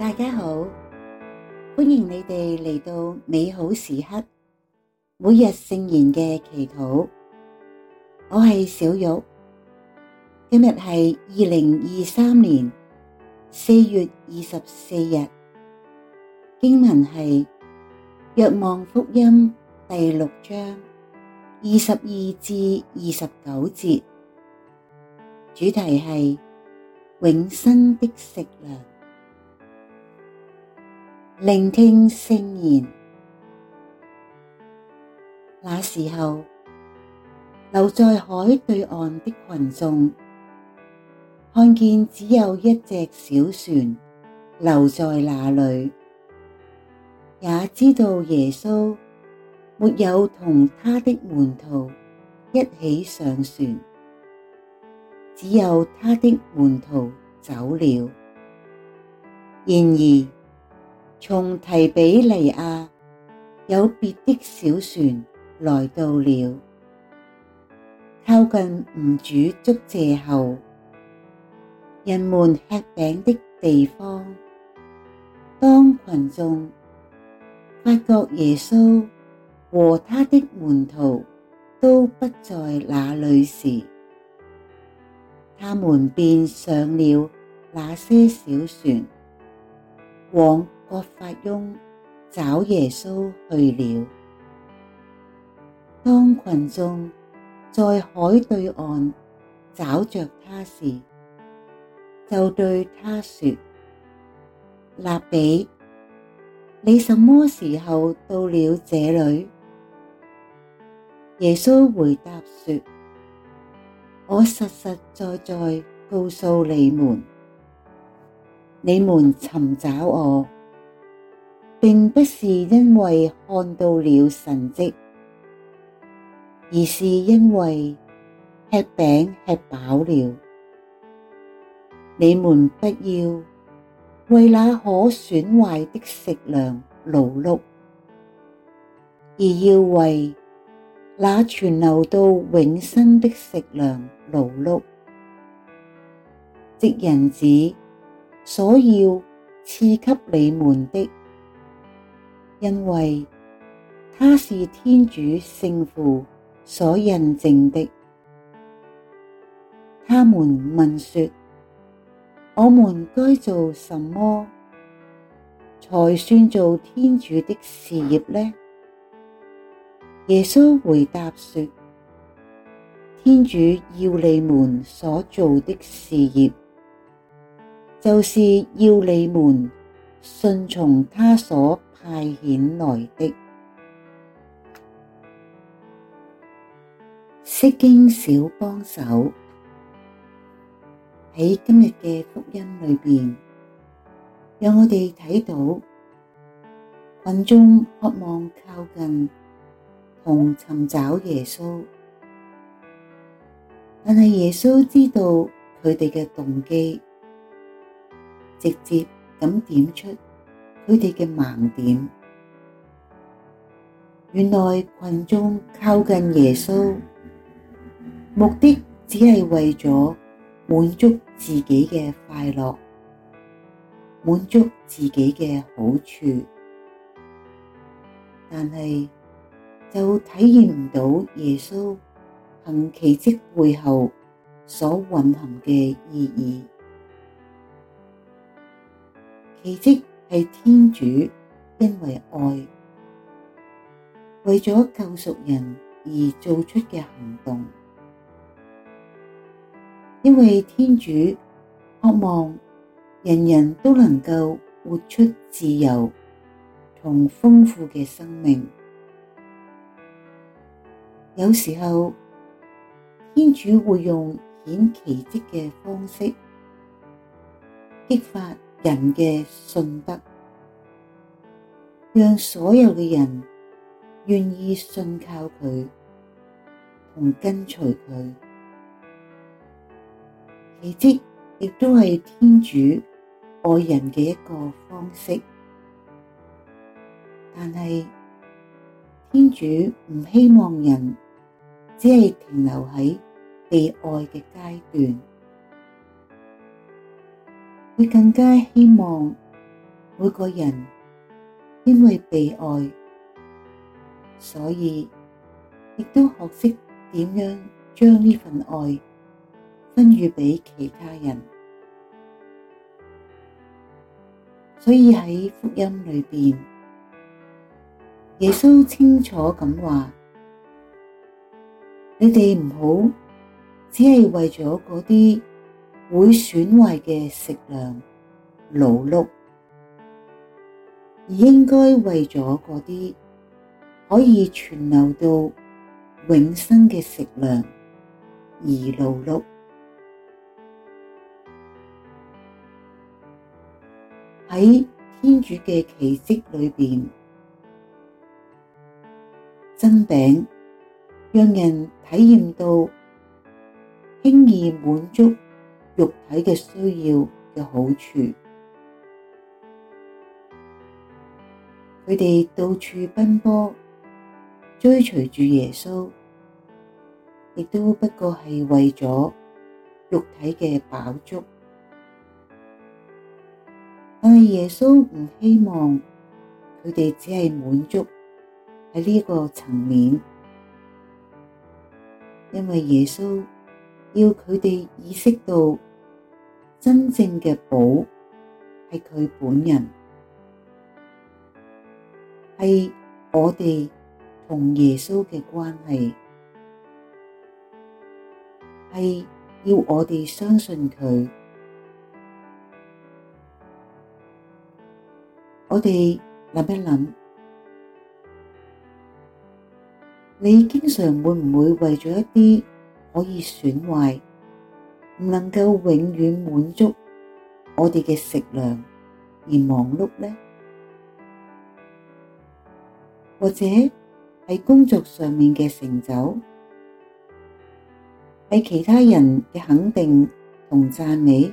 大家好，歡迎你哋嚟到美好時刻每日聖言嘅祈禱。我係小玉，今日係二零二三年四月二十四日，經文係《若望福音》第六章二十二至二十九節，主題係永生的食糧。聆聽聖言，那時候，留在海對岸的群眾看見只有一隻小船留在那裏，也知道耶穌沒有同他的門徒一起上船，只有他的門徒走了。然而。從提庇黎雅有別的小船來到了，靠近吾主祝謝後，人們吃餅的地方。當群眾發覺耶穌和他的門徒都不在那裏時，他們便上了那些小船，往。葛法翁找耶穌去了。當群眾在海對岸找著他時，就對他說：辣彼，你什麼時候到了這裏？耶穌回答說：我實實在在告訴你們，你們尋找我。並不是因為看到了神跡，而是因為吃餅吃飽了。你們不要為那可損壞的食糧勞碌，而要為那存留到永生的食糧勞碌，即人子所要賜給你們的。因為他是天主聖父所印證的。他們問說：我們該做什麼才算做天主的事業呢？耶穌回答說：天主要你們所做的事業，就是要你們信從他所派遣來的。釋經小幫手喺今日嘅福音裏邊，讓我哋睇到群眾渴望靠近同尋找耶穌，但係耶穌知道佢哋嘅動機，直接咁點出。佢哋嘅盲點，原來群眾靠近耶穌，目的只係為咗滿足自己嘅快樂，滿足自己嘅好處，但係就體驗唔到耶穌行奇蹟背後所蘊含嘅意義，奇蹟。係天主因為愛，為咗救贖人而做出嘅行動，因為天主渴望人人都能夠活出自由同豐富嘅生命。有時候，天主會用顯奇跡嘅方式激發。人嘅信德，讓所有嘅人願意信靠佢，同跟隨佢，奇跡亦都係天主愛人嘅一個方式。但係天主唔希望人只係停留喺被愛嘅階段。會更加希望每個人因為被愛，所以亦都學識點樣將呢份愛分予俾其他人。所以喺福音裏邊，耶穌清楚咁話：你哋唔好只係為咗嗰啲。會損壞嘅食糧勞碌，而應該為咗嗰啲可以存留到永生嘅食糧而勞碌。喺天主嘅奇蹟裏邊，增餅讓人體驗到輕易滿足。肉體嘅需要嘅好處，佢哋到處奔波，追隨住耶穌，亦都不過係為咗肉體嘅飽足。但係耶穌唔希望佢哋只係滿足喺呢個層面，因為耶穌要佢哋意識到，真正嘅寶係佢本人，係我哋同耶穌嘅關係，係要我哋相信佢。我哋諗一諗，你經常會唔會為咗一啲可以損壞？唔能夠永遠滿足我哋嘅食糧而忙碌呢？或者係工作上面嘅成就，係其他人嘅肯定同讚美，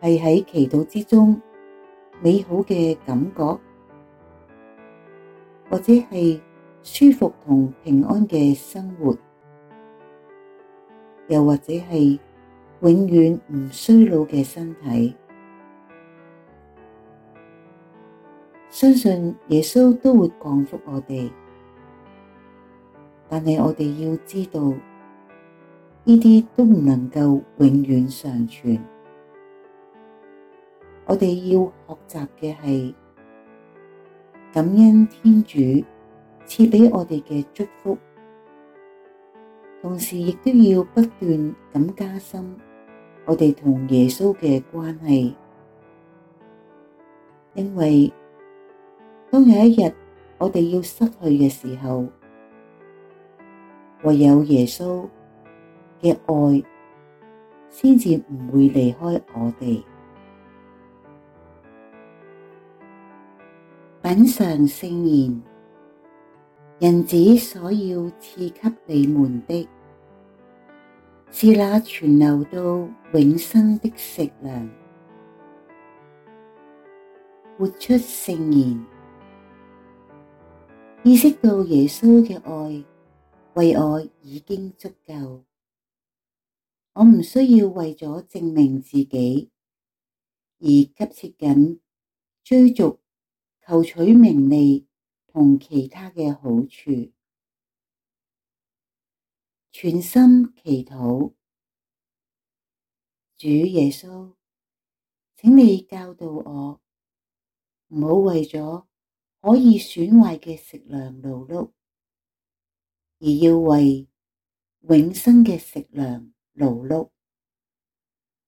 係喺祈禱之中美好嘅感覺，或者係舒服同平安嘅生活。又或者係永遠唔衰老嘅身體，相信耶穌都會降福我哋。但係我哋要知道，呢啲都唔能夠永遠常存。我哋要學習嘅係感恩天主賜畀我哋嘅祝福。同時亦都要不斷咁加深我哋同耶穌嘅關係，因為當有一日我哋要失去嘅時候，唯有耶穌嘅愛先至唔會離開我哋。品嘗聖言。人子所要賜給你們的，是那存留到永生的食糧。活出聖言，意識到耶穌嘅愛為我已經足夠，我唔需要為咗證明自己而急切緊追逐求取名利。同其他嘅好處，全心祈禱。主耶穌，請你教導我，唔好為咗可以損壞嘅食糧勞碌，而要為永生嘅食糧勞碌。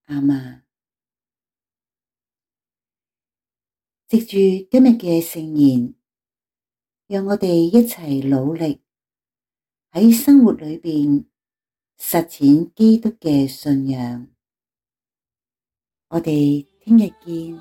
阿們，藉住今日嘅聖言。讓我哋一齊努力喺生活裏面實踐基督嘅信仰。我哋聽日見。